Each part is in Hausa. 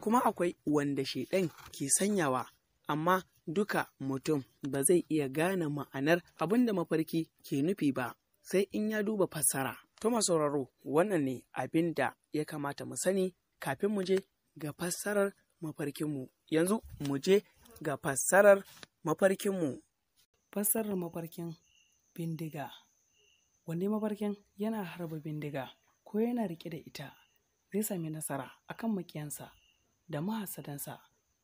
kuma akwai wanda shaidan ke sanyawa amma duka mutum ba zai iya gane ma'anar abin da mafarki ke nufi ba sai in ya duba fassara. Tuma sauraro wannan ne abin da ya kamata mu sani kafin mu je ga fassarar mafarkinmu. Yanzu mu je ga fassarar mafarkinmu. Fassarar mafarkin bindiga. Wani mafarkin yana harba bindiga ko yana rike da ita zai sami nasara akan makiyansa. da mahasadansa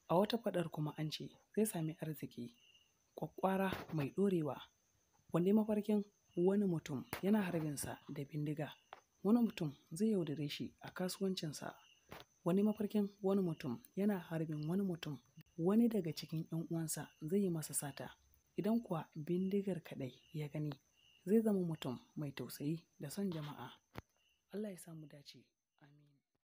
a wata faɗar kuma an ce zai sami arziki ƙwaƙƙwara mai ɗorewa wanda mafarkin wani mutum yana harbinsa da bindiga wani mutum zai yaudare shi a kasuwancinsa wani mafarkin wani mutum yana harbin wani mutum wani daga cikin 'yan uwansa zai yi masa sata idan kuwa bindigar kaɗai ya gani zai zama mutum mai tausayi da son jama'a Allah ya samu dace